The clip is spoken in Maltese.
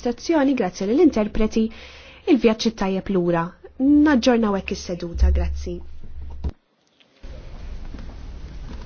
stazzjoni grazzi lill-interpreti il vjaċċi tajjeb lura. Naġġornaw hekk is-seduta, grazzi.